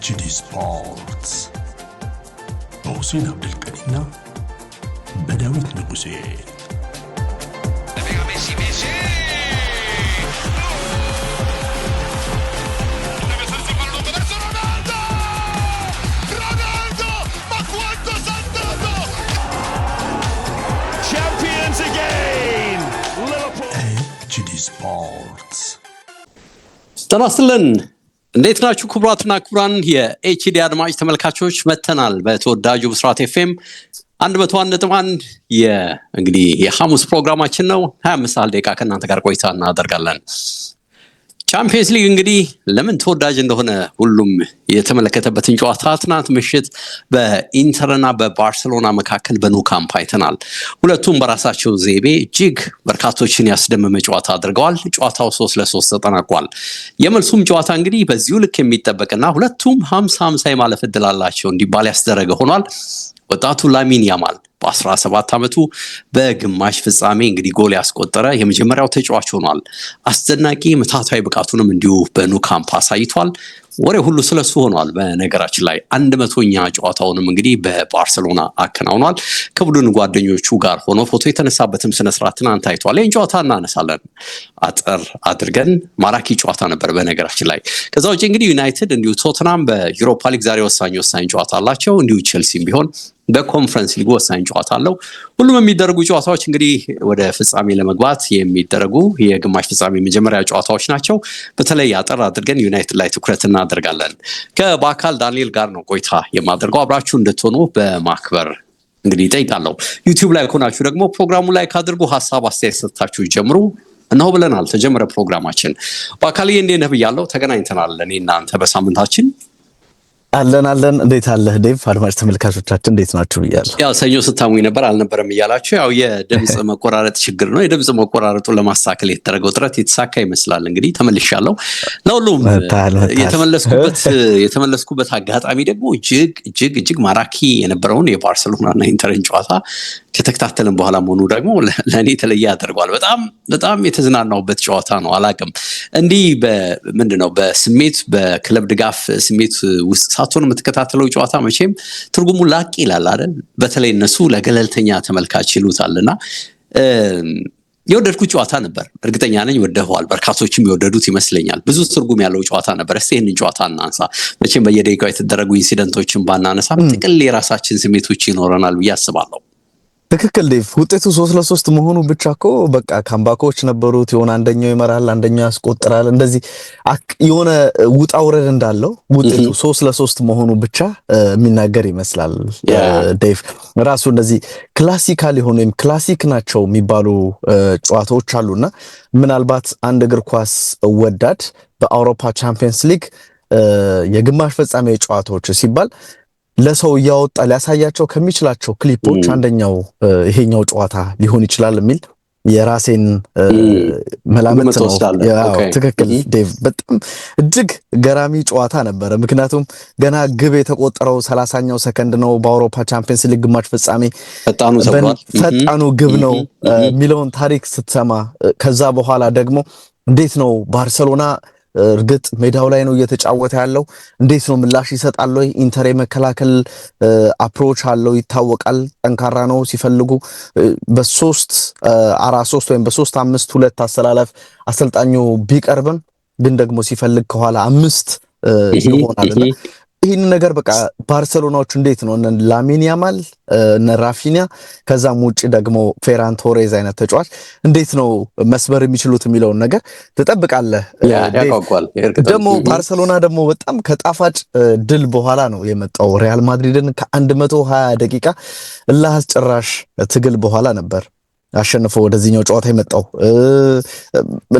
HD ስፖርትስ በሁሴን አብደልቀኒና በዳዊት ንጉሴ HD Sports. ጤና ይስጥልን እንዴት ናችሁ ክቡራትና ክቡራን የኤችዲ አድማጭ ተመልካቾች፣ መተናል በተወዳጁ ብስራት ኤፍኤም አንድ መቶ አንድ ነጥብ አንድ የሐሙስ ፕሮግራማችን ነው። ሀያ አምስት ሰዓት ደቂቃ ከእናንተ ጋር ቆይታ እናደርጋለን። ቻምፒየንስ ሊግ እንግዲህ ለምን ተወዳጅ እንደሆነ ሁሉም የተመለከተበትን ጨዋታ ትናንት ምሽት በኢንተርና በባርሴሎና መካከል በኑካምፕ አይተናል። ሁለቱም በራሳቸው ዘይቤ እጅግ በርካቶችን ያስደመመ ጨዋታ አድርገዋል። ጨዋታው ሶስት ለሶስት ተጠናቋል። የመልሱም ጨዋታ እንግዲህ በዚሁ ልክ የሚጠበቅና ሁለቱም ሀምሳ ሀምሳ የማለፍ እድል አላቸው እንዲባል ያስደረገ ሆኗል። ወጣቱ ላሚን ያማል በ17 ዓመቱ በግማሽ ፍጻሜ እንግዲህ ጎል ያስቆጠረ የመጀመሪያው ተጫዋች ሆኗል። አስደናቂ ምታታዊ ብቃቱንም እንዲሁ በኑ ካምፕ አሳይቷል። ወሬ ሁሉ ስለሱ ሆኗል። በነገራችን ላይ አንድ መቶኛ ጨዋታውንም እንግዲህ በባርሰሎና አከናውኗል። ከቡድን ጓደኞቹ ጋር ሆኖ ፎቶ የተነሳበትም ስነስርዓት ትናንት ታይቷል። ይህን ጨዋታ እናነሳለን አጠር አድርገን። ማራኪ ጨዋታ ነበር በነገራችን ላይ። ከዛ ውጭ እንግዲህ ዩናይትድ እንዲሁ ቶትናም በዩሮፓ ሊግ ዛሬ ወሳኝ ወሳኝ ጨዋታ አላቸው። እንዲሁ ቼልሲም ቢሆን በኮንፈረንስ ሊግ ወሳኝ ጨዋታ አለው። ሁሉም የሚደረጉ ጨዋታዎች እንግዲህ ወደ ፍጻሜ ለመግባት የሚደረጉ የግማሽ ፍጻሜ መጀመሪያ ጨዋታዎች ናቸው። በተለይ አጠር አድርገን ዩናይትድ ላይ ትኩረት እናደርጋለን። በአካል ዳንኤል ጋር ነው ቆይታ የማደርገው አብራችሁ እንድትሆኑ በማክበር እንግዲህ ይጠይቃለሁ። ዩቲዩብ ላይ ከሆናችሁ ደግሞ ፕሮግራሙ ላይ ካድርጉ ሀሳብ አስተያየት ሰጥታችሁ ጀምሩ። እነሆ ብለናል፣ ተጀመረ ፕሮግራማችን። በአካል እንዴ ነህ ብያለሁ። ተገናኝተናል እኔ እናንተ በሳምንታችን አለን አለን። እንዴት አለህ ዴቭ? አድማጭ ተመልካቾቻችን እንዴት ናችሁ ብያለሁ። ያው ሰኞ ስታሙኝ ነበር አልነበረም እያላችሁ ያው የድምፅ መቆራረጥ ችግር ነው። የድምፅ መቆራረጡን ለማስተካከል የተደረገው ጥረት የተሳካ ይመስላል። እንግዲህ ተመልሻለሁ። ለሁሉም የተመለስኩበት አጋጣሚ ደግሞ እጅግ እጅግ እጅግ ማራኪ የነበረውን የባርሰሎናና ኢንተርን ጨዋታ ከተከታተልን በኋላ መሆኑ ደግሞ ለእኔ የተለየ ያደርገዋል። በጣም በጣም የተዝናናውበት ጨዋታ ነው። አላቅም እንዲህ ምንድነው ነው በስሜት በክለብ ድጋፍ ስሜት ውስጥ ሳትሆን የምትከታተለው ጨዋታ መቼም ትርጉሙ ላቅ ይላል አይደል? በተለይ እነሱ ለገለልተኛ ተመልካች ይሉታል እና የወደድኩት ጨዋታ ነበር። እርግጠኛ ነኝ ወደኸዋል። በርካቶችም የወደዱት ይመስለኛል። ብዙ ትርጉም ያለው ጨዋታ ነበር። እስቲ ይህንን ጨዋታ እናንሳ። መቼም በየደቂቃው የተደረጉ ኢንሲደንቶችን ባናነሳም ጥቅል የራሳችን ስሜቶች ይኖረናል ብዬ አስባለሁ። ትክክል ዴቭ። ውጤቱ ሶስት ለሶስት መሆኑ ብቻ እኮ በቃ ካምባኮች ነበሩት። የሆነ አንደኛው ይመራል፣ አንደኛው ያስቆጥራል። እንደዚህ የሆነ ውጣ ውረድ እንዳለው ውጤቱ ሶስት ለሶስት መሆኑ ብቻ የሚናገር ይመስላል። ዴቭ ራሱ እንደዚህ ክላሲካል የሆኑ ወይም ክላሲክ ናቸው የሚባሉ ጨዋታዎች አሉና ምናልባት አንድ እግር ኳስ ወዳድ በአውሮፓ ቻምፒየንስ ሊግ የግማሽ ፍጻሜ ጨዋታዎች ሲባል ለሰው እያወጣ ሊያሳያቸው ከሚችላቸው ክሊፖች አንደኛው ይሄኛው ጨዋታ ሊሆን ይችላል የሚል የራሴን መላምት ነው። ትክክል ዴቭ፣ በጣም እጅግ ገራሚ ጨዋታ ነበረ። ምክንያቱም ገና ግብ የተቆጠረው ሰላሳኛው ሰከንድ ነው። በአውሮፓ ቻምፒየንስ ሊግ ግማሽ ፍጻሜ ፈጣኑ ግብ ነው የሚለውን ታሪክ ስትሰማ ከዛ በኋላ ደግሞ እንዴት ነው ባርሰሎና እርግጥ ሜዳው ላይ ነው እየተጫወተ ያለው። እንዴት ነው ምላሽ ይሰጣል ወይ? ኢንተር የመከላከል አፕሮች አለው ይታወቃል። ጠንካራ ነው። ሲፈልጉ በሶስት አራት ሶስት ወይም በሶስት አምስት ሁለት አሰላለፍ አሰልጣኙ ቢቀርብም ግን ደግሞ ሲፈልግ ከኋላ አምስት ይሆናልና ይህን ነገር በቃ ባርሰሎናዎቹ እንዴት ነው ላሚን ያማል እነ ራፊኒያ ከዛም ውጭ ደግሞ ፌራን ቶሬዝ አይነት ተጫዋች እንዴት ነው መስበር የሚችሉት የሚለውን ነገር ትጠብቃለህ። ደግሞ ባርሰሎና ደግሞ በጣም ከጣፋጭ ድል በኋላ ነው የመጣው ሪያል ማድሪድን ከ120 ደቂቃ እልህ አስጨራሽ ትግል በኋላ ነበር አሸንፎ ወደዚህኛው ጨዋታ የመጣው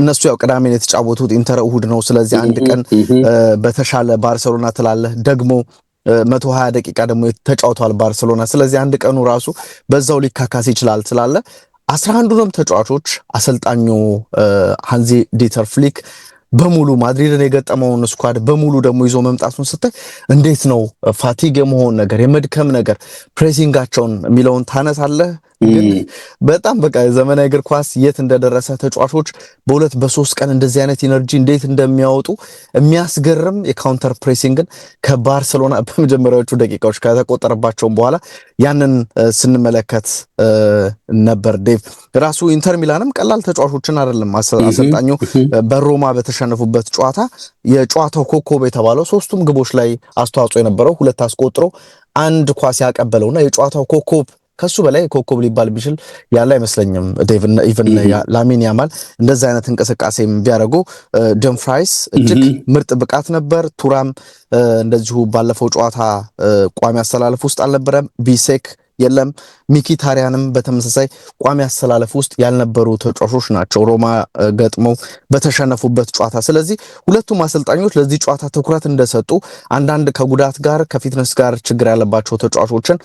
እነሱ ያው ቅዳሜ የተጫወቱት፣ ኢንተር እሁድ ነው። ስለዚህ አንድ ቀን በተሻለ ባርሰሎና ትላለህ ደግሞ መቶ ሀያ ደቂቃ ደግሞ ተጫውቷል ባርሰሎና። ስለዚህ አንድ ቀኑ ራሱ በዛው ሊካካስ ይችላል ስላለ አስራ አንዱንም ተጫዋቾች አሰልጣኙ ሃንዚ ዲተር ፍሊክ በሙሉ ማድሪድን የገጠመውን ስኳድ በሙሉ ደግሞ ይዞ መምጣቱን ስታይ እንዴት ነው ፋቲግ የመሆን ነገር የመድከም ነገር ፕሬሲንጋቸውን የሚለውን ታነሳለህ። በጣም በቃ ዘመናዊ እግር ኳስ የት እንደደረሰ ተጫዋቾች በሁለት በሶስት ቀን እንደዚህ አይነት ኢነርጂ እንዴት እንደሚያወጡ የሚያስገርም የካውንተር ፕሬሲንግን ከባርሰሎና በመጀመሪያዎቹ ደቂቃዎች ከተቆጠረባቸውም በኋላ ያንን ስንመለከት ነበር። ዴቭ ራሱ ኢንተር ሚላንም ቀላል ተጫዋቾችን አይደለም አሰልጣኙ በሮማ በተሸነፉበት ጨዋታ የጨዋታው ኮከብ የተባለው ሶስቱም ግቦች ላይ አስተዋጽኦ የነበረው ሁለት አስቆጥሮ አንድ ኳስ ያቀበለውና የጨዋታው ኮከብ ከሱ በላይ ኮከብ ሊባል ቢችል ያለ አይመስለኝም። ኢቨን ላሚን ያማል እንደዚህ አይነት እንቅስቃሴ ቢያደርጉ፣ ደም ፍራይስ እጅግ ምርጥ ብቃት ነበር። ቱራም እንደዚሁ ባለፈው ጨዋታ ቋሚ አስተላለፍ ውስጥ አልነበረም። ቢሴክ የለም ሚኪታሪያንም በተመሳሳይ ቋሚ አስተላለፍ ውስጥ ያልነበሩ ተጫዋቾች ናቸው ሮማ ገጥመው በተሸነፉበት ጨዋታ። ስለዚህ ሁለቱም አሰልጣኞች ለዚህ ጨዋታ ትኩረት እንደሰጡ አንዳንድ ከጉዳት ጋር ከፊትነስ ጋር ችግር ያለባቸው ተጫዋቾችን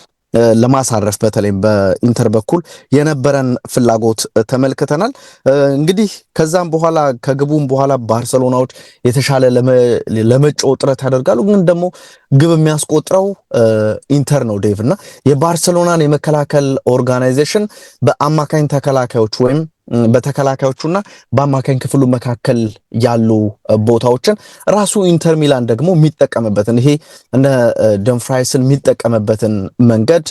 ለማሳረፍ በተለይም በኢንተር በኩል የነበረን ፍላጎት ተመልክተናል። እንግዲህ ከዛም በኋላ ከግቡም በኋላ ባርሰሎናዎች የተሻለ ለመጫወት ጥረት ያደርጋሉ፣ ግን ደግሞ ግብ የሚያስቆጥረው ኢንተር ነው ዴቭ እና የባርሰሎናን የመከላከል ኦርጋናይዜሽን በአማካኝ ተከላካዮች ወይም በተከላካዮቹና በአማካኝ ክፍሉ መካከል ያሉ ቦታዎችን ራሱ ኢንተር ሚላን ደግሞ የሚጠቀምበትን ይሄ እነ ደንፍራይስን የሚጠቀምበትን መንገድ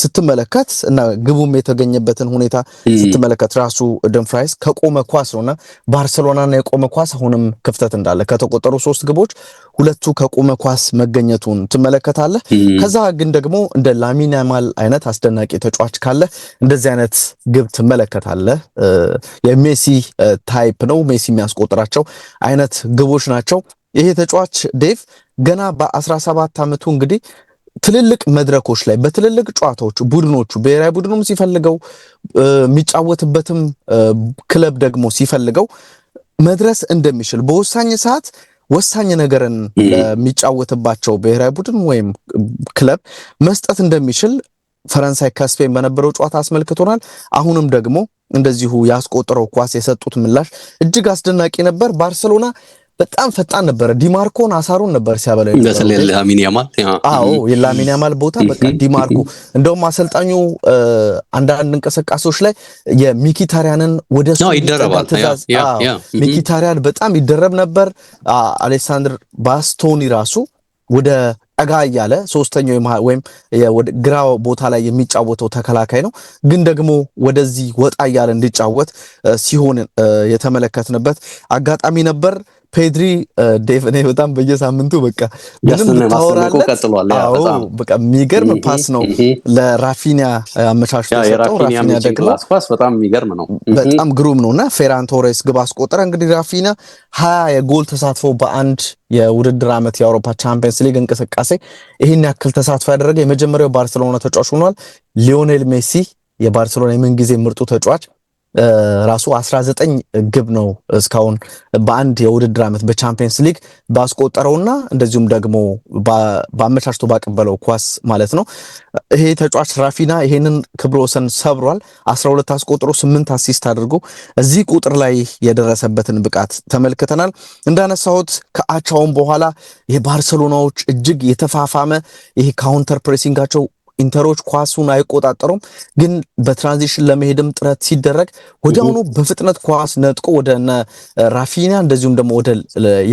ስትመለከት እና ግቡም የተገኘበትን ሁኔታ ስትመለከት ራሱ ደንፍራይስ ከቆመ ኳስ ነውና ባርሰሎናና የቆመ ኳስ አሁንም ክፍተት እንዳለ ከተቆጠሩ ሶስት ግቦች ሁለቱ ከቆመ ኳስ መገኘቱን ትመለከታለህ። ከዛ ግን ደግሞ እንደ ላሚን ያማል አይነት አስደናቂ ተጫዋች ካለ እንደዚህ አይነት ግብ ትመለከታለህ። አለ። የሜሲ ታይፕ ነው። ሜሲ የሚያስቆጥራቸው አይነት ግቦች ናቸው። ይሄ ተጫዋች ዴቭ ገና በ17 ዓመቱ እንግዲህ ትልልቅ መድረኮች ላይ በትልልቅ ጨዋታዎች ቡድኖቹ ብሔራዊ ቡድኑም ሲፈልገው የሚጫወትበትም ክለብ ደግሞ ሲፈልገው መድረስ እንደሚችል በወሳኝ ሰዓት ወሳኝ ነገርን የሚጫወትባቸው ብሔራዊ ቡድን ወይም ክለብ መስጠት እንደሚችል ፈረንሳይ ከስፔን በነበረው ጨዋታ አስመልክቶናል። አሁንም ደግሞ እንደዚሁ ያስቆጠረው ኳስ የሰጡት ምላሽ እጅግ አስደናቂ ነበር። ባርሰሎና በጣም ፈጣን ነበረ። ዲማርኮን አሳሩን ነበር ሲያበላ። አዎ የላሚን ያማል ቦታ በቃ ዲማርኮ። እንደውም አሰልጣኙ አንዳንድ እንቅስቃሴዎች ላይ የሚኪታሪያንን ወደ ትእዛዝ ሚኪታሪያን በጣም ይደረብ ነበር። አሌክሳንድር ባስቶኒ ራሱ ወደ ጠጋ እያለ ሶስተኛው ወይም ግራ ቦታ ላይ የሚጫወተው ተከላካይ ነው፣ ግን ደግሞ ወደዚህ ወጣ እያለ እንዲጫወት ሲሆን የተመለከትንበት አጋጣሚ ነበር። ፔድሪ ዴቭ እኔ በጣም በየሳምንቱ በቃ ምንም በቃ የሚገርም ፓስ ነው ለራፊኒያ አመቻችቶ ራፊኒያ ደግሞ በጣም ግሩም ነው እና ፌራን ቶሬስ ግብ አስቆጠረ። እንግዲህ ራፊኒያ ሀያ የጎል ተሳትፎ በአንድ የውድድር ዓመት የአውሮፓ ቻምፒየንስ ሊግ እንቅስቃሴ ይህን ያክል ተሳትፎ ያደረገ የመጀመሪያው ባርሴሎና ተጫዋች ሆኗል። ሊዮኔል ሜሲ የባርሴሎና የምንጊዜ ምርጡ ተጫዋች ራሱ 19 ግብ ነው እስካሁን በአንድ የውድድር ዓመት በቻምፒየንስ ሊግ ባስቆጠረውና እንደዚሁም ደግሞ በአመቻችቶ ባቀበለው ኳስ ማለት ነው። ይሄ ተጫዋች ራፊና ይሄንን ክብረ ወሰን ሰብሯል። 12 አስቆጥሮ 8 አሲስት አድርጎ እዚህ ቁጥር ላይ የደረሰበትን ብቃት ተመልክተናል። እንዳነሳሁት ከአቻውን በኋላ የባርሰሎናዎች እጅግ የተፋፋመ ይሄ ካውንተር ፕሬሲንጋቸው ኢንተሮች ኳሱን አይቆጣጠሩም፣ ግን በትራንዚሽን ለመሄድም ጥረት ሲደረግ ወዲያውኑ በፍጥነት ኳስ ነጥቆ ወደ ራፊኒያ እንደዚሁም ደግሞ ወደ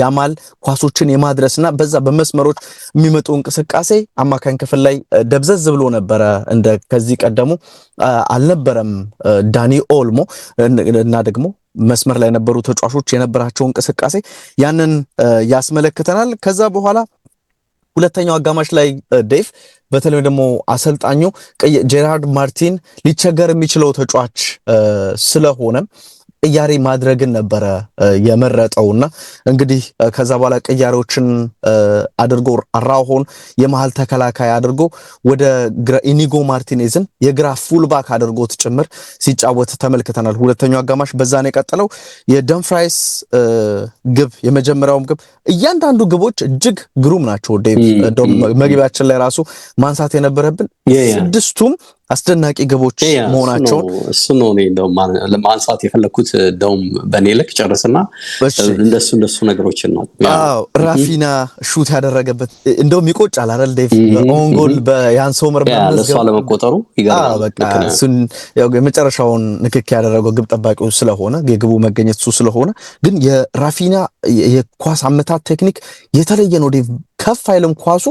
ያማል ኳሶችን የማድረስ እና በዛ በመስመሮች የሚመጡ እንቅስቃሴ አማካኝ ክፍል ላይ ደብዘዝ ብሎ ነበረ። እንደ ከዚህ ቀደሙ አልነበረም። ዳኒ ኦልሞ እና ደግሞ መስመር ላይ የነበሩ ተጫዋቾች የነበራቸው እንቅስቃሴ ያንን ያስመለክተናል። ከዛ በኋላ ሁለተኛው አጋማሽ ላይ ዴቭ በተለይ ደግሞ አሰልጣኙ ጄራርድ ማርቲን ሊቸገር የሚችለው ተጫዋች ስለሆነ ቅያሬ ማድረግን ነበረ የመረጠውና እንግዲህ ከዛ በኋላ ቅያሬዎችን አድርጎ ራሆን የመሀል ተከላካይ አድርጎ ወደ ኢኒጎ ማርቲኔዝን የግራ ፉልባክ አድርጎት ጭምር ሲጫወት ተመልክተናል። ሁለተኛው አጋማሽ በዛ ነው የቀጠለው። የደምፍራይስ ግብ የመጀመሪያውም ግብ እያንዳንዱ ግቦች እጅግ ግሩም ናቸው። ዴቭ መግቢያችን ላይ ራሱ ማንሳት የነበረብን ስድስቱም አስደናቂ ግቦች መሆናቸውን እሱ ነው እኔ ለማንሳት የፈለግኩት። ደውም በእኔ ልክ ጨርስና እንደሱ እንደሱ ነገሮችን ነው አዎ ራፊና ሹት ያደረገበት። እንደውም ይቆጫል አይደል ዴቭ ኦንጎል በያን ሶመር ለእሷ ለመቆጠሩ እሱን የመጨረሻውን ንክክ ያደረገው ግብ ጠባቂው ስለሆነ የግቡ መገኘት እሱ ስለሆነ፣ ግን የራፊና የኳስ አመታት ቴክኒክ የተለየ ነው ዴቭ ከፍ አይልም ኳሱ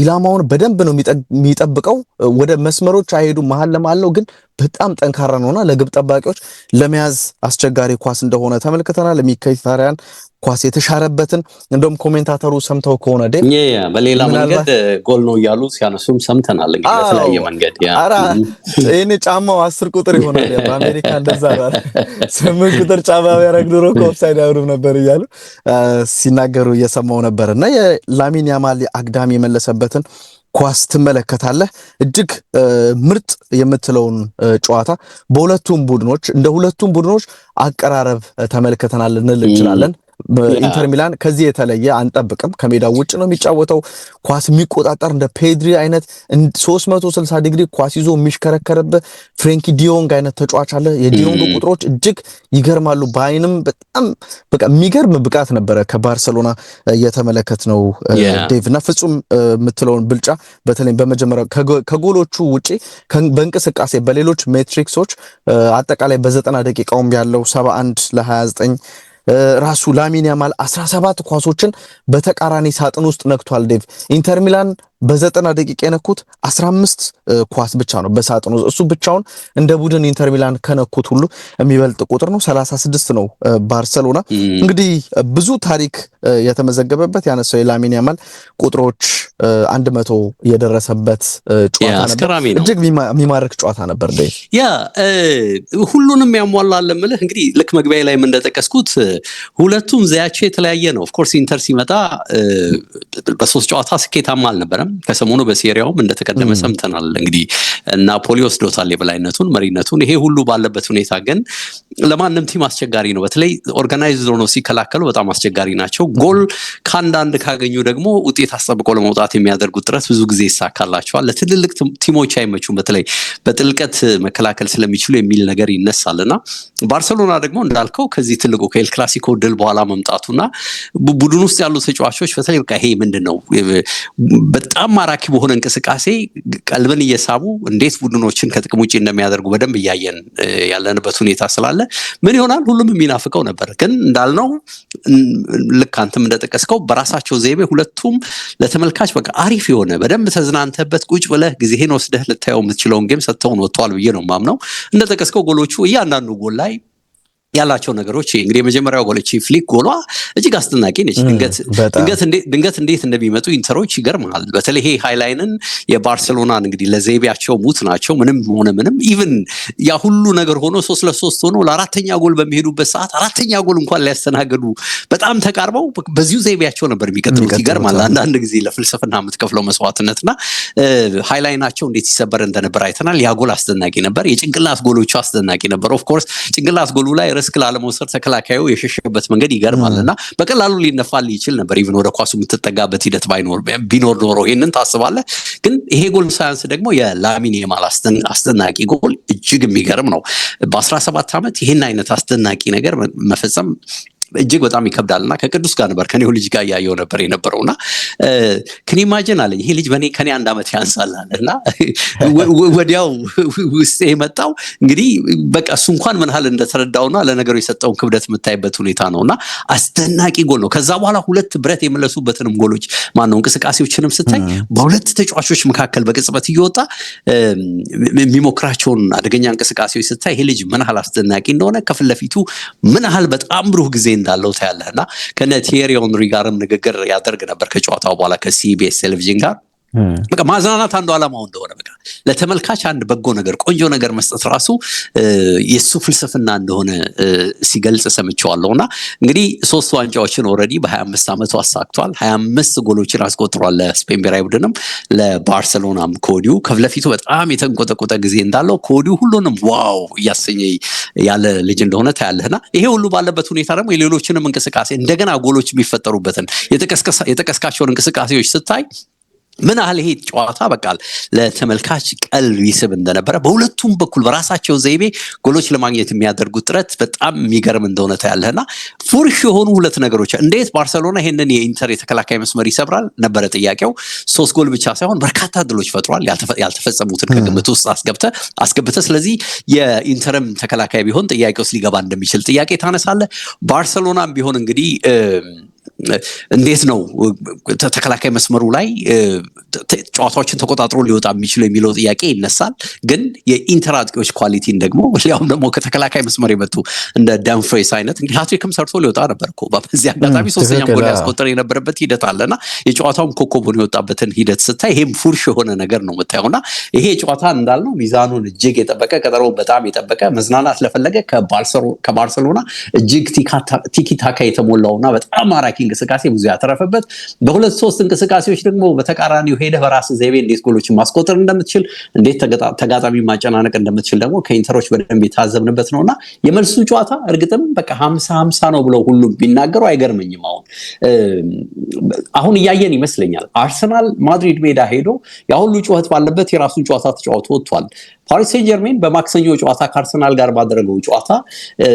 ኢላማውን በደንብ ነው የሚጠብቀው። ወደ መስመሮች አይሄዱም መሀል ለመሀል ነው ግን በጣም ጠንካራ ነውና ለግብ ጠባቂዎች ለመያዝ አስቸጋሪ ኳስ እንደሆነ ተመልክተናል። ሚካይታሪያን ኳስ የተሻረበትን እንደውም ኮሜንታተሩ ሰምተው ከሆነ በሌላ መንገድ ጎል ነው እያሉ ሲያነሱም ሰምተናል። በተለያየ መንገድ ይህን ጫማው አስር ቁጥር ይሆናል በአሜሪካ እንደዛ ስምንት ቁጥር ጫማ ቢያደርግ ድሮ ከኦፍሳይድ አይሆንም ነበር እያሉ ሲናገሩ እየሰማው ነበር እና የላሚን ያማል አግዳሚ የመለሰበትን ኳስ ትመለከታለህ። እጅግ ምርጥ የምትለውን ጨዋታ በሁለቱም ቡድኖች እንደ ሁለቱም ቡድኖች አቀራረብ ተመልክተናል ልንል እንችላለን። በኢንተር ሚላን ከዚህ የተለየ አንጠብቅም። ከሜዳው ውጭ ነው የሚጫወተው። ኳስ የሚቆጣጠር እንደ ፔድሪ አይነት 360 ዲግሪ ኳስ ይዞ የሚሽከረከርብ ፍሬንኪ ዲዮንግ አይነት ተጫዋች አለ። የዲዮንግ mm. ቁጥሮች እጅግ ይገርማሉ። በአይንም በጣም በቃ የሚገርም ብቃት ነበረ ከባርሰሎና እየተመለከት ነው ዴቭ እና ፍጹም የምትለውን ብልጫ በተለይ በመጀመሪያ ከጎሎቹ ውጪ በእንቅስቃሴ በሌሎች ሜትሪክሶች አጠቃላይ በዘጠና ደቂቃውም ያለው 71 ለ29 ራሱ ላሚን ያማል 17 ኳሶችን በተቃራኒ ሳጥን ውስጥ ነክቷል። ዴቭ ኢንተር ሚላን በዘጠና ደቂቃ የነኩት 15 ኳስ ብቻ ነው በሳጥኑ እሱ ብቻውን እንደ ቡድን ኢንተር ሚላን ከነኩት ሁሉ የሚበልጥ ቁጥር ነው። 36 ነው ባርሰሎና። እንግዲህ ብዙ ታሪክ የተመዘገበበት ያነሳው የላሚን ያማል ቁጥሮች 100 የደረሰበት ጨዋታ ነበር። እጅግ የሚማርክ ጨዋታ ነበር። ያ ሁሉንም ያሟላል እምልህ እንግዲህ ልክ መግቢያ ላይም እንደጠቀስኩት ሁለቱም ዘያቸው የተለያየ ነው። ኦፍኮርስ ኢንተር ሲመጣ በሶስት ጨዋታ ስኬታማ አልነበረም። ይችላል። ከሰሞኑ በሴሪያውም እንደተቀደመ ሰምተናል። እንግዲህ ናፖሊ ወስዶታል የበላይነቱን መሪነቱን። ይሄ ሁሉ ባለበት ሁኔታ ግን ለማንም ቲም አስቸጋሪ ነው። በተለይ ኦርጋናይዝድ ሆነው ሲከላከሉ በጣም አስቸጋሪ ናቸው። ጎል ከአንዳንድ ካገኙ ደግሞ ውጤት አስጠብቀው ለመውጣት የሚያደርጉት ጥረት ብዙ ጊዜ ይሳካላቸዋል። ለትልልቅ ቲሞች አይመቹም። በተለይ በጥልቀት መከላከል ስለሚችሉ የሚል ነገር ይነሳል እና ባርሰሎና ደግሞ እንዳልከው ከዚህ ትልቁ ከኤል ክላሲኮ ድል በኋላ መምጣቱና ቡድን ውስጥ ያሉ ተጫዋቾች በተለይ ይሄ ምንድን ነው በጣም ማራኪ በሆነ እንቅስቃሴ ቀልብን እየሳቡ እንዴት ቡድኖችን ከጥቅም ውጭ እንደሚያደርጉ በደንብ እያየን ያለንበት ሁኔታ ስላለ ምን ይሆናል ሁሉም የሚናፍቀው ነበር። ግን እንዳልነው ልክ አንተም እንደጠቀስከው በራሳቸው ዘይቤ ሁለቱም ለተመልካች በቃ አሪፍ የሆነ በደንብ ተዝናንተበት ቁጭ ብለህ ጊዜህን ወስደህ ልታየው የምትችለውን ጌም ሰጥተውን ወጥተዋል ብዬ ነው ማምነው። እንደጠቀስከው ጎሎቹ እያንዳንዱ ጎል ላይ ያላቸው ነገሮች እንግዲህ የመጀመሪያው ጎል ፍሊክ ጎሏ እጅግ አስደናቂ ነች። ድንገት እንዴት እንደሚመጡ ኢንተሮች ይገርማል። በተለይ ይሄ ሃይላይንን የባርሴሎናን እንግዲህ ለዘይቤያቸው ሙት ናቸው። ምንም ሆነ ምንም ኢቭን ያ ሁሉ ነገር ሆኖ ሶስት ለሶስት ሆኖ ለአራተኛ ጎል በሚሄዱበት ሰዓት አራተኛ ጎል እንኳን ሊያስተናገዱ በጣም ተቃርበው በዚሁ ዘይቤያቸው ነበር የሚቀጥሉት። ይገርማል። አንዳንድ ጊዜ ለፍልስፍና የምትከፍለው መስዋዕትነትና ሃይላይናቸው እንዴት ሲሰበር እንደነበር አይተናል። ያ ጎል አስደናቂ ነበር። የጭንቅላት ጎሎቹ አስደናቂ ነበር። ኦፍኮርስ ጭንቅላት ጎሉ ላይ ሪስክ ላለመውሰድ ተከላካዩ የሸሸበት መንገድ ይገርማል እና በቀላሉ ሊነፋል ይችል ነበር። ኢቭን ወደ ኳሱ የምትጠጋበት ሂደት ቢኖር ኖሮ ይህንን ታስባለህ። ግን ይሄ ጎል ሳያንስ ደግሞ የላሚን የማል አስደናቂ ጎል እጅግ የሚገርም ነው። በ17 ዓመት ይህን አይነት አስደናቂ ነገር መፈጸም እጅግ በጣም ይከብዳል እና ከቅዱስ ጋር ነበር ከኔው ልጅ ጋር እያየው ነበር የነበረው እና ክን ኢማጅን አለኝ ይሄ ልጅ በኔ ከኔ አንድ ዓመት ያንሳል አለ እና ወዲያው ውስጤ የመጣው እንግዲህ በቃ እሱ እንኳን ምን ያህል እንደተረዳውና ለነገሩ የሰጠውን ክብደት የምታይበት ሁኔታ ነው እና አስደናቂ ጎል ነው። ከዛ በኋላ ሁለት ብረት የመለሱበትንም ጎሎች ማነው እንቅስቃሴዎችንም ስታይ በሁለት ተጫዋቾች መካከል በቅጽበት እየወጣ የሚሞክራቸውን አደገኛ እንቅስቃሴዎች ስታይ ይሄ ልጅ ምን ያህል አስደናቂ እንደሆነ ከፍለፊቱ ምን ያህል በጣም ብሩህ ጊዜ እንዳለው ታያለህ እና ከነ ቲዬሪ ኦንሪ ጋርም ንግግር ያደርግ ነበር ከጨዋታው በኋላ ከሲቢኤስ ቴሌቪዥን ጋር በቃ ማዝናናት አንዱ ዓላማው እንደሆነ በቃ ለተመልካች አንድ በጎ ነገር ቆንጆ ነገር መስጠት ራሱ የእሱ ፍልስፍና እንደሆነ ሲገልጽ ሰምቸዋለሁ። እና እንግዲህ ሶስት ዋንጫዎችን ኦልሬዲ በሀያ አምስት ዓመቱ አሳክቷል። ሀያ አምስት ጎሎችን አስቆጥሯል። ለስፔን ብሔራዊ ቡድንም ለባርሰሎናም ከወዲሁ ከፍለፊቱ በጣም የተንቆጠቆጠ ጊዜ እንዳለው ከወዲሁ ሁሉንም ዋው እያሰኘ ያለ ልጅ እንደሆነ ታያለህና ይሄ ሁሉ ባለበት ሁኔታ ደግሞ የሌሎችንም እንቅስቃሴ እንደገና ጎሎች የሚፈጠሩበትን የጠቀስካቸውን እንቅስቃሴዎች ስታይ ምን ያህል ይሄ ጨዋታ በቃ ለተመልካች ቀልብ ይስብ እንደነበረ በሁለቱም በኩል በራሳቸው ዘይቤ ጎሎች ለማግኘት የሚያደርጉት ጥረት በጣም የሚገርም እንደሆነ ታያለህና ፉርሽ የሆኑ ሁለት ነገሮች እንዴት ባርሰሎና ይሄንን የኢንተር የተከላካይ መስመር ይሰብራል ነበረ ጥያቄው። ሶስት ጎል ብቻ ሳይሆን በርካታ ድሎች ፈጥሯል፣ ያልተፈጸሙትን ከግምት ውስጥ አስገብተ አስገብተ ስለዚህ የኢንተርም ተከላካይ ቢሆን ጥያቄ ውስጥ ሊገባ እንደሚችል ጥያቄ ታነሳለ ባርሰሎናም ቢሆን እንግዲህ እንዴት ነው ተከላካይ መስመሩ ላይ ጨዋታዎችን ተቆጣጥሮ ሊወጣ የሚችሉ የሚለው ጥያቄ ይነሳል። ግን የኢንተር አጥቂዎች ኳሊቲን ደግሞ ሊያውም ደግሞ ከተከላካይ መስመር የመጡ እንደ ደንፍሬስ አይነት እንግዲህ ሃትሪክም ሰርቶ ሊወጣ ነበር እኮ በዚህ አጋጣሚ ሶስተኛም ጎል ያስቆጠረ የነበረበት ሂደት አለና የጨዋታውም ኮከቡን የወጣበትን ሂደት ስታይ ይሄም ፉርሽ የሆነ ነገር ነው የምታየውና ይሄ ጨዋታ እንዳልነው ሚዛኑን እጅግ የጠበቀ ቀጠሮውን በጣም የጠበቀ መዝናናት ለፈለገ ከባርሰሎና እጅግ ቲኪታካ የተሞላውና በጣም ማራኪ ማራኪ እንቅስቃሴ ብዙ ያተረፈበት፣ በሁለት ሶስት እንቅስቃሴዎች ደግሞ በተቃራኒው ሄደህ በራስ ዘይቤ እንዴት ጎሎችን ማስቆጠር እንደምትችል፣ እንዴት ተጋጣሚ ማጨናነቅ እንደምትችል ደግሞ ከኢንተሮች በደንብ የታዘብንበት እና የመልሱ ጨዋታ እርግጥም በቃ ሀምሳ ሀምሳ ነው ብለው ሁሉም ቢናገሩ አይገርመኝም። አሁን አሁን እያየን ይመስለኛል አርሰናል ማድሪድ ሜዳ ሄዶ ያሁሉ ጩኸት ባለበት የራሱን ጨዋታ ተጫውቶ ወጥቷል። ፓሪስ ሴን ጀርሜን በማክሰኞ ጨዋታ ከአርሰናል ጋር ባደረገው ጨዋታ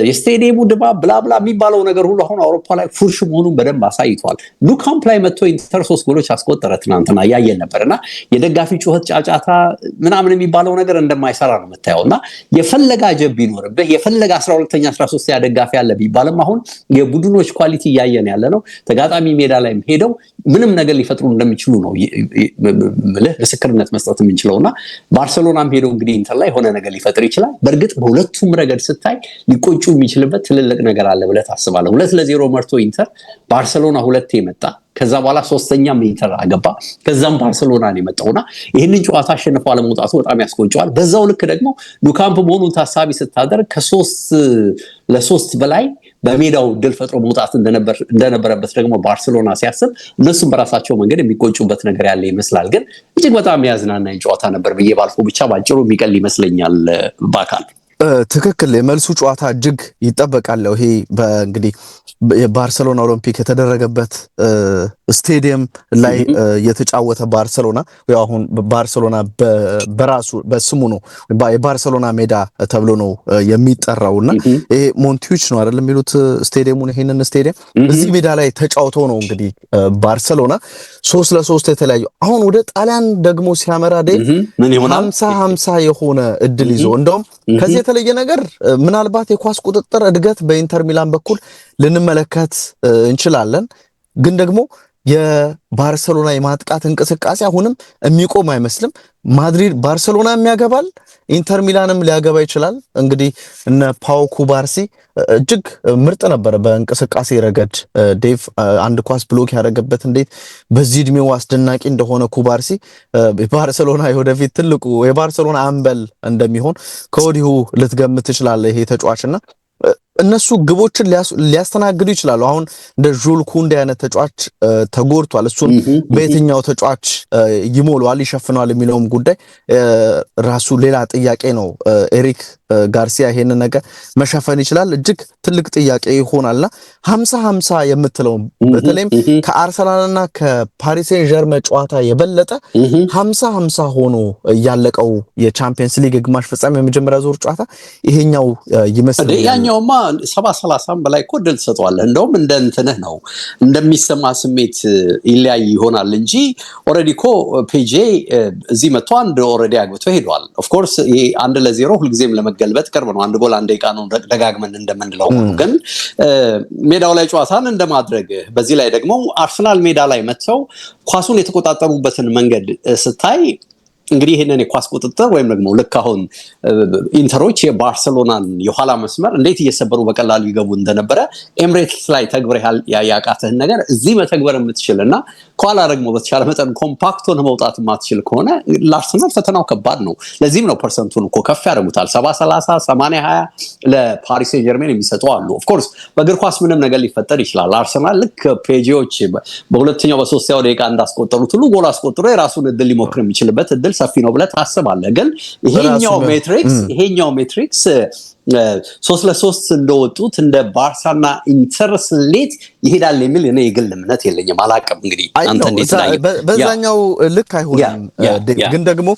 የስቴዲየሙ ድባብ ብላብላ የሚባለው ነገር ሁሉ አሁን አውሮፓ ላይ ፉርሽ መሆኑን በደንብ አሳይቷል። ሉካምፕ ላይ መጥቶ ኢንተር ሶስት ጎሎች አስቆጠረ። ትናንትና እያየን ነበር እና የደጋፊ ጩኸት፣ ጫጫታ ምናምን የሚባለው ነገር እንደማይሰራ ነው የምታየው እና የፈለገ አጀብ ቢኖርብህ የፈለገ አስራ ሁለተኛ አስራ ሶስት ደጋፊ ያለ ቢባልም አሁን የቡድኖች ኳሊቲ እያየን ያለ ነው። ተጋጣሚ ሜዳ ላይ ሄደው ምንም ነገር ሊፈጥሩ እንደሚችሉ ነው ምልህ ምስክርነት መስጠት የምንችለው እና ባርሰሎናም ሄደው እንግዲህ ኢንተር ላይ የሆነ ነገር ሊፈጥር ይችላል። በእርግጥ በሁለቱም ረገድ ስታይ ሊቆጩ የሚችልበት ትልልቅ ነገር አለ ብለህ ታስባለህ። ሁለት ለዜሮ መርቶ ኢንተር ባርሰሎና ሁለት የመጣ ከዛ በኋላ ሶስተኛ ኢንተር አገባ። ከዛም ባርሰሎና ነው የመጣውና ይህንን ጨዋታ አሸንፎ አለመውጣቱ በጣም ያስቆጨዋል። በዛው ልክ ደግሞ ኑካምፕ መሆኑን ታሳቢ ስታደርግ ከሶስት ለሶስት በላይ በሜዳው ድል ፈጥሮ መውጣት እንደነበረበት ደግሞ ባርሰሎና ሲያስብ እነሱም በራሳቸው መንገድ የሚቆጩበት ነገር ያለ ይመስላል። ግን እጅግ በጣም የያዝናናኝ ጨዋታ ነበር ብዬ ባልፎ ብቻ ባጭሩ የሚቀል ይመስለኛል በአካል ትክክል የመልሱ ጨዋታ እጅግ ይጠበቃል። ይሄ በእንግዲህ የባርሰሎና ኦሎምፒክ የተደረገበት ስቴዲየም ላይ የተጫወተ ባርሰሎና አሁን ባርሰሎና በራሱ በስሙ ነው የባርሰሎና ሜዳ ተብሎ ነው የሚጠራው እና ይሄ ሞንቲዩች ነው አይደለም የሚሉት ስቴዲየሙን። ይሄንን ስቴዲየም እዚህ ሜዳ ላይ ተጫውቶ ነው እንግዲህ ባርሰሎና ሶስት ለሶስት የተለያዩ። አሁን ወደ ጣሊያን ደግሞ ሲያመራ ደ ሀምሳ ሀምሳ የሆነ እድል ይዞ እንደውም ከዚህ የተለየ ነገር ምናልባት የኳስ ቁጥጥር እድገት በኢንተር ሚላን በኩል ልንመለከት እንችላለን ግን ደግሞ የባርሰሎና የማጥቃት እንቅስቃሴ አሁንም የሚቆም አይመስልም። ማድሪድ ባርሰሎናም ያገባል፣ ኢንተር ሚላንም ሊያገባ ይችላል። እንግዲህ እነ ፓው ኩባርሲ እጅግ ምርጥ ነበረ በእንቅስቃሴ ረገድ። ዴቭ አንድ ኳስ ብሎክ ያደረገበት እንዴት በዚህ እድሜው አስደናቂ እንደሆነ ኩባርሲ የባርሰሎና የወደፊት ትልቁ የባርሰሎና አምበል እንደሚሆን ከወዲሁ ልትገምት ትችላለህ ይሄ ተጫዋችና እነሱ ግቦችን ሊያስተናግዱ ይችላሉ። አሁን እንደ ዡል ኩንዴ አይነት ተጫዋች ተጎድቷል። እሱን በየትኛው ተጫዋች ይሞለዋል፣ ይሸፍነዋል የሚለውም ጉዳይ ራሱ ሌላ ጥያቄ ነው ኤሪክ ጋርሲያ ይሄንን ነገር መሸፈን ይችላል? እጅግ ትልቅ ጥያቄ ይሆናልና ሀምሳ ሀምሳ የምትለው በተለይም ከአርሰናልና ከፓሪስ ሴን ዠርመ ጨዋታ የበለጠ ሀምሳ ሀምሳ ሆኖ ያለቀው የቻምፒየንስ ሊግ ግማሽ ፍጻሜ የመጀመሪያ ዙር ጨዋታ ይሄኛው ይመስል ያኛውማ ሰባ ሰላሳም በላይ እኮ ድል እንደውም እንደ እንትንህ ነው እንደሚሰማ ስሜት ይለያይ ይሆናል እንጂ ኦልሬዲ እኮ ፔጄ እዚህ መጥቶ አንድ ኦልሬዲ አግብቶ ሄዷል። ኦፍኮርስ ይሄ አንድ ለዜሮ ሁልጊዜም ለመገ መገልበጥ ቅርብ ነው። አንድ ጎል አንድ ቃ ነው ደጋግመን እንደምንለው ግን ሜዳው ላይ ጨዋታን እንደማድረግ በዚህ ላይ ደግሞ አርሰናል ሜዳ ላይ መጥተው ኳሱን የተቆጣጠሩበትን መንገድ ስታይ እንግዲህ ይህንን የኳስ ቁጥጥር ወይም ደግሞ ልክ አሁን ኢንተሮች የባርሰሎናን የኋላ መስመር እንዴት እየሰበሩ በቀላሉ ይገቡ እንደነበረ ኤምሬትስ ላይ ተግብር ያቃትህን ነገር እዚህ መተግበር የምትችል እና ከኋላ ደግሞ በተቻለ መጠን ኮምፓክት መውጣት የማትችል ከሆነ ለአርሰናል ፈተናው ከባድ ነው። ለዚህም ነው ፐርሰንቱን እኮ ከፍ ያደርጉታል። ሰባ ሰላሳ ሰማንያ ሀያ ለፓሪስ ጀርሜን የሚሰጡ አሉ። ኦፍኮርስ በእግር ኳስ ምንም ነገር ሊፈጠር ይችላል። አርሰናል ልክ ፔጂዎች በሁለተኛው በሶስተኛው ደቂቃ እንዳስቆጠሩት ሁሉ ጎል አስቆጥሮ የራሱን እድል ሊሞክር የሚችልበት እድል ሰፊ ነው ብለ ታስባለ ግን ይሄኛው ሜትሪክስ ይሄኛው ሜትሪክስ ሶስት ለሶስት እንደወጡት እንደ ባርሳና ኢንተር ስሌት ይሄዳል የሚል እኔ የግል እምነት የለኝም። አላቅም እንግዲህ አንተ እንዴት በዛኛው ልክ አይሆንም። ግን ደግሞ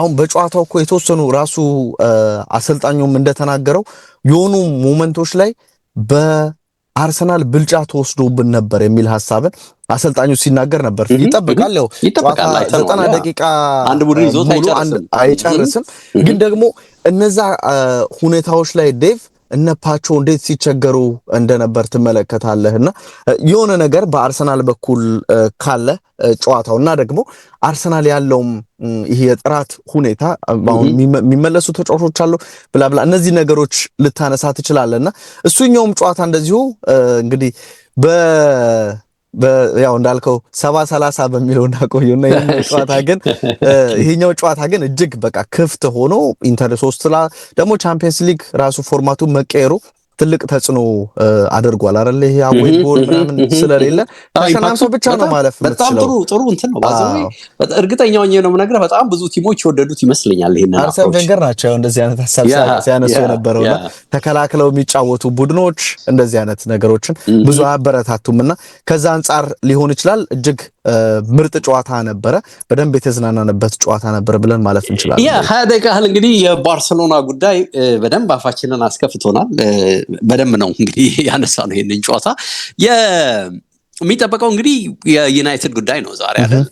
አሁን በጨዋታው እኮ የተወሰኑ ራሱ አሰልጣኙም እንደተናገረው የሆኑ ሞመንቶች ላይ በ አርሰናል ብልጫ ተወስዶብን ነበር የሚል ሀሳብን አሰልጣኙ ሲናገር ነበር። ይጠብቃል ያው ዘጠና ደቂቃ አንድ ቡድን ይዞት አይጨርስም። ግን ደግሞ እነዛ ሁኔታዎች ላይ ዴቭ እነ ፓቾ እንዴት ሲቸገሩ እንደነበር ትመለከታለህና የሆነ ነገር በአርሰናል በኩል ካለ ጨዋታው እና ደግሞ አርሰናል ያለውም ይሄ የጥራት ሁኔታ የሚመለሱ ተጫዋቾች አሉ ብላብላ እነዚህ ነገሮች ልታነሳ ትችላለህና እሱኛውም ጨዋታ እንደዚሁ እንግዲህ በ ያው እንዳልከው ሰባ ሰላሳ በሚለው እናቆየውና ይህኛው ጨዋታ ግን ይሄኛው ጨዋታ ግን እጅግ በቃ ክፍት ሆኖ ኢንተር ሶስት ላ ደግሞ ቻምፒየንስ ሊግ ራሱ ፎርማቱ መቀየሩ ትልቅ ተጽዕኖ አድርጓል አይደል? ይሄ አዌይ ቦል ምናምን ስለሌለ ተሸናንሶ ብቻ ነው ማለፍ በጣም ጥሩ ጥሩ እንትን ነው። እርግጠኛ ሆኜ ነው የምነግርህ፣ በጣም ብዙ ቲሞች የወደዱት ይመስለኛል። ይሄን አርሰን ቬንገር ናቸው እንደዚህ አይነት ሀሳብ ሲያነሱ የነበረውና ተከላክለው የሚጫወቱ ቡድኖች እንደዚህ አይነት ነገሮችን ብዙ አያበረታቱም እና ከዛ አንጻር ሊሆን ይችላል እጅግ ምርጥ ጨዋታ ነበረ። በደንብ የተዝናናንበት ጨዋታ ነበር ብለን ማለት እንችላለን። ያ ሀያ ደቂቃ ያህል እንግዲህ የባርሰሎና ጉዳይ በደንብ አፋችንን አስከፍቶናል። በደንብ ነው እንግዲህ ያነሳ ነው ይህንን ጨዋታ የሚጠበቀው እንግዲህ የዩናይትድ ጉዳይ ነው ዛሬ አይደል?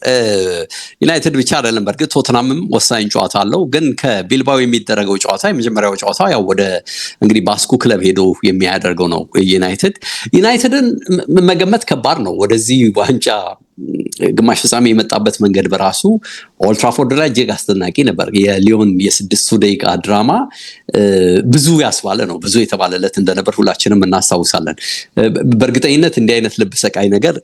ዩናይትድ ብቻ አይደለም። በእርግጥ ቶትናምም ወሳኝ ጨዋታ አለው። ግን ከቢልባው የሚደረገው ጨዋታ የመጀመሪያው ጨዋታ ያው ወደ እንግዲህ ባስኩ ክለብ ሄዶ የሚያደርገው ነው። ዩናይትድ ዩናይትድን መገመት ከባድ ነው ወደዚህ ዋንጫ ግማሽ ፍጻሜ የመጣበት መንገድ በራሱ ኦልትራፎርድ ላይ እጅግ አስደናቂ ነበር። የሊዮን የስድስቱ ደቂቃ ድራማ ብዙ ያስባለ ነው። ብዙ የተባለለት እንደነበር ሁላችንም እናስታውሳለን። በእርግጠኝነት እንዲህ አይነት ልብ ሰቃይ ነገር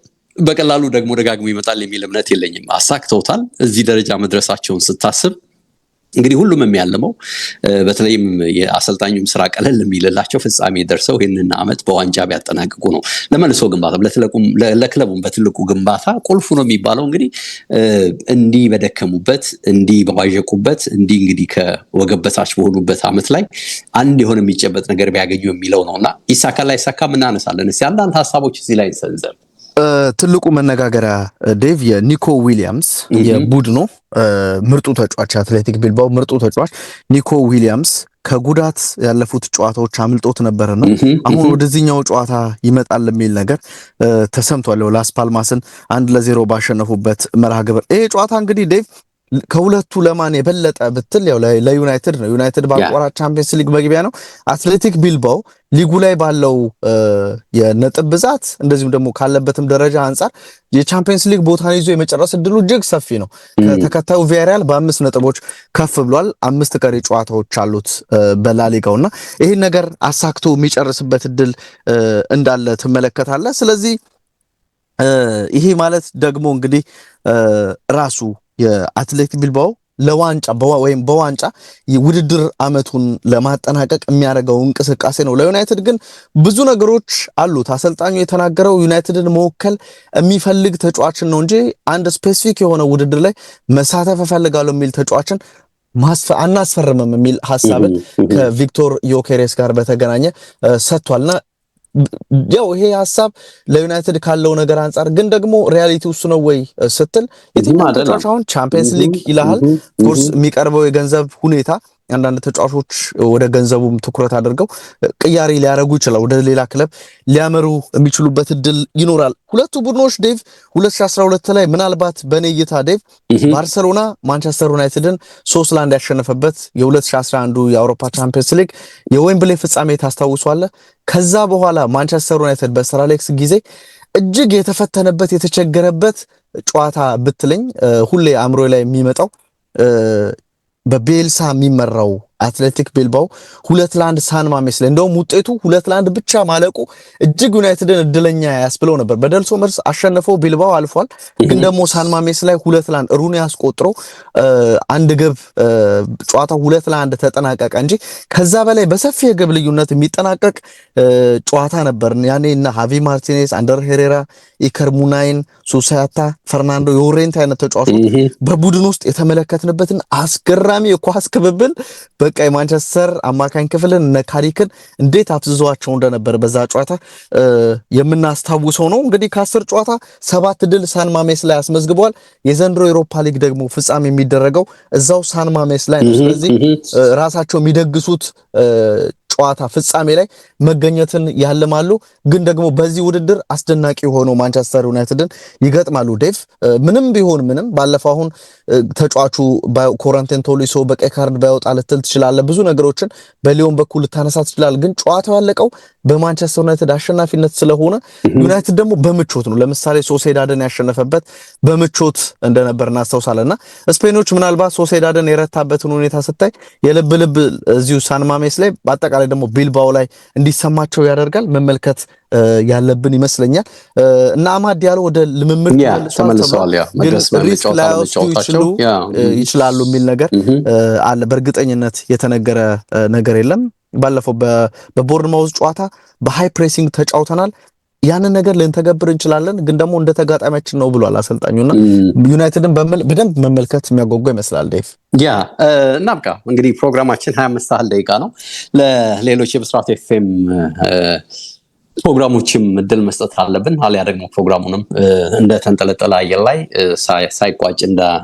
በቀላሉ ደግሞ ደጋግሞ ይመጣል የሚል እምነት የለኝም። አሳክተውታል። እዚህ ደረጃ መድረሳቸውን ስታስብ እንግዲህ ሁሉም የሚያልመው በተለይም የአሰልጣኙም ስራ ቀለል የሚልላቸው ፍጻሜ ደርሰው ይህንን አመት በዋንጫ ቢያጠናቅቁ ነው። ለመልሶ ግንባታ ለክለቡም በትልቁ ግንባታ ቁልፉ ነው የሚባለው እንግዲህ እንዲህ በደከሙበት፣ እንዲህ በዋዠቁበት፣ እንዲህ እንግዲህ ከወገብ በታች በሆኑበት አመት ላይ አንድ የሆነ የሚጨበጥ ነገር ቢያገኙ የሚለው ነው እና ላይ ይሳካ ምናነሳለን እስኪ አንዳንድ ሀሳቦች እዚህ ላይ እንሰንዘር። ትልቁ መነጋገሪያ ዴቭ የኒኮ ዊሊያምስ የቡድኑ ምርጡ ተጫዋች አትሌቲክ ቢልባው ምርጡ ተጫዋች ኒኮ ዊሊያምስ ከጉዳት ያለፉት ጨዋታዎች አምልጦት ነበረ ነው። አሁን ወደዚህኛው ጨዋታ ይመጣል የሚል ነገር ተሰምቷል። ላስ ፓልማስን አንድ ለዜሮ ባሸነፉበት መርሃ ግብር ይሄ ጨዋታ እንግዲህ ዴቭ ከሁለቱ ለማን የበለጠ ብትል ያው ለዩናይትድ ነው። ዩናይትድ ባቆራ ቻምፒየንስ ሊግ መግቢያ ነው። አትሌቲክ ቢልባው ሊጉ ላይ ባለው የነጥብ ብዛት እንደዚሁም ደግሞ ካለበትም ደረጃ አንጻር የቻምፒየንስ ሊግ ቦታን ይዞ የመጨረስ እድሉ እጅግ ሰፊ ነው። ተከታዩ ቪያሪያል በአምስት ነጥቦች ከፍ ብሏል። አምስት ቀሪ ጨዋታዎች አሉት በላሊጋው እና ይህን ነገር አሳክቶ የሚጨርስበት እድል እንዳለ ትመለከታለህ። ስለዚህ ይሄ ማለት ደግሞ እንግዲህ ራሱ የአትሌቲክ ቢልባኦ ለዋንጫ ወይም በዋንጫ ውድድር አመቱን ለማጠናቀቅ የሚያደርገው እንቅስቃሴ ነው። ለዩናይትድ ግን ብዙ ነገሮች አሉት። አሰልጣኙ የተናገረው ዩናይትድን መወከል የሚፈልግ ተጫዋችን ነው እንጂ አንድ ስፔሲፊክ የሆነ ውድድር ላይ መሳተፍ እፈልጋለሁ የሚል ተጫዋችን አናስፈርምም የሚል ሀሳብን ከቪክቶር ዮኬሬስ ጋር በተገናኘ ሰጥቷልና ያው ይሄ ሀሳብ ለዩናይትድ ካለው ነገር አንጻር ግን ደግሞ ሪያሊቲ ውሱ ነው ወይ ስትል የትኛው ተጫዋች አሁን ቻምፒየንስ ሊግ ይልሃል፣ ኮርስ የሚቀርበው የገንዘብ ሁኔታ አንዳንድ ተጫዋቾች ወደ ገንዘቡም ትኩረት አድርገው ቅያሬ ሊያደርጉ ይችላል። ወደ ሌላ ክለብ ሊያመሩ የሚችሉበት እድል ይኖራል። ሁለቱ ቡድኖች ዴቭ 2012 ላይ ምናልባት በእኔ እይታ ዴቭ ባርሰሎና ማንቸስተር ዩናይትድን ሶስት ለአንድ ያሸነፈበት የ2011 የአውሮፓ ቻምፒየንስ ሊግ የዌምብሌ ፍጻሜ ታስታውሷለ። ከዛ በኋላ ማንቸስተር ዩናይትድ በሰር አሌክስ ጊዜ እጅግ የተፈተነበት የተቸገረበት ጨዋታ ብትለኝ ሁሌ አእምሮ ላይ የሚመጣው በቤልሳ የሚመራው አትሌቲክ ቢልባው ሁለት ለአንድ ሳን ማሜስ ላይ እንደውም ውጤቱ ሁለት ለአንድ ብቻ ማለቁ እጅግ ዩናይትድን እድለኛ ያስብለው ነበር። በደልሶ መልስ አሸነፈው ቢልባው አልፏል። ግን ደግሞ ሳን ማሜስ ላይ ሁለት ለአንድ ሩኒ ያስቆጥሮ አንድ ግብ ጨዋታው ሁለት ለአንድ ተጠናቀቀ እንጂ ከዛ በላይ በሰፊ የግብ ልዩነት የሚጠናቀቅ ጨዋታ ነበር። ያኔ እና ሃቪ ማርቲኔስ፣ አንደር ሄሬራ፣ ኢከር ሙናይን፣ ሱሳያታ፣ ፈርናንዶ ዮሬንታ አይነት ተጫዋቾች በቡድን ውስጥ የተመለከትንበትን አስገራሚ የኳስ ክብብል በቃ የማንቸስተር አማካኝ ክፍልን እነ ካሪክን እንዴት አፍዝዟቸው እንደነበር በዛ ጨዋታ የምናስታውሰው ነው። እንግዲህ ከአስር ጨዋታ ሰባት ድል ሳንማሜስ ላይ አስመዝግበዋል። የዘንድሮ ኤሮፓ ሊግ ደግሞ ፍጻሜ የሚደረገው እዛው ሳንማሜስ ላይ ነው። ስለዚህ ራሳቸው የሚደግሱት ጨዋታ ፍጻሜ ላይ መገኘትን ያልማሉ። ግን ደግሞ በዚህ ውድድር አስደናቂ ሆኖ ማንቸስተር ዩናይትድን ይገጥማሉ። ዴቭ ምንም ቢሆን ምንም ባለፈው አሁን ተጫዋቹ ኮረንቴን ቶሊሶ በቀይ ካርድ ባይወጣ ልትል ትችላለህ። ብዙ ነገሮችን በሊዮን በኩል ልታነሳ ትችላለህ። ግን ጨዋታው ያለቀው በማንቸስተር ዩናይትድ አሸናፊነት ስለሆነ ዩናይትድ ደግሞ በምቾት ነው። ለምሳሌ ሶሴዳደን ያሸነፈበት በምቾት እንደነበር እናስታውሳለንና ስፔኖች ምናልባት ሶሴዳደን የረታበትን ሁኔታ ስታይ የልብ ልብ እዚሁ ሳንማሜስ ላይ በአጠቃላይ ደግሞ ቢልባው ላይ እንዲሰማቸው ያደርጋል መመልከት ያለብን ይመስለኛል እና አማድ ያለው ወደ ልምምድ ተመልሰዋል። ይችላሉ የሚል ነገር አለ። በእርግጠኝነት የተነገረ ነገር የለም። ባለፈው በቦርንማውዝ ጨዋታ በሃይ ፕሬሲንግ ተጫውተናል። ያንን ነገር ልንተገብር እንችላለን፣ ግን ደግሞ እንደ ተጋጣሚያችን ነው ብሏል አሰልጣኙና ዩናይትድን በደንብ መመልከት የሚያጓጓ ይመስላል። ዴቭ ያ እናብቃ እንግዲህ ፕሮግራማችን ሀያ አምስት ሰዓት ደቂቃ ነው። ለሌሎች የብስራት ኤፍ ኤም ፕሮግራሞችም እድል መስጠት አለብን። አሊያ ደግሞ ፕሮግራሙንም እንደተንጠለጠለ አየር ላይ ሳይቋጭ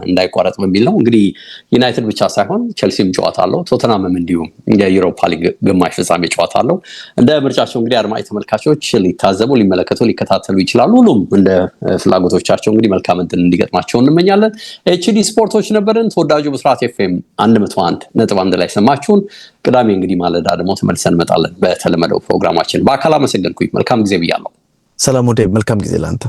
እንዳይቋረጥ በሚል ነው። እንግዲህ ዩናይትድ ብቻ ሳይሆን ቸልሲም ጨዋታ አለው፣ ቶተናምም እንዲሁም የዩሮፓ ሊግ ግማሽ ፍጻሜ ጨዋታ አለው። እንደ ምርጫቸው እንግዲህ አድማጭ ተመልካቾች ሊታዘቡ፣ ሊመለከቱ፣ ሊከታተሉ ይችላሉ። ሁሉም እንደ ፍላጎቶቻቸው እንግዲህ መልካም እድል እንዲገጥማቸው እንመኛለን። ኤችዲ ስፖርቶች ነበርን። ተወዳጁ ብስራት ኤፍኤም 101 ነጥብ አንድ ላይ ሰማችሁን። ቅዳሜ እንግዲህ ማለዳ ደግሞ ተመልሰን እንመጣለን በተለመደው ፕሮግራማችን። በአካል አመሰገንኩኝ። መልካም ጊዜ ብያለሁ። ሰላም ወደ መልካም ጊዜ ለአንተ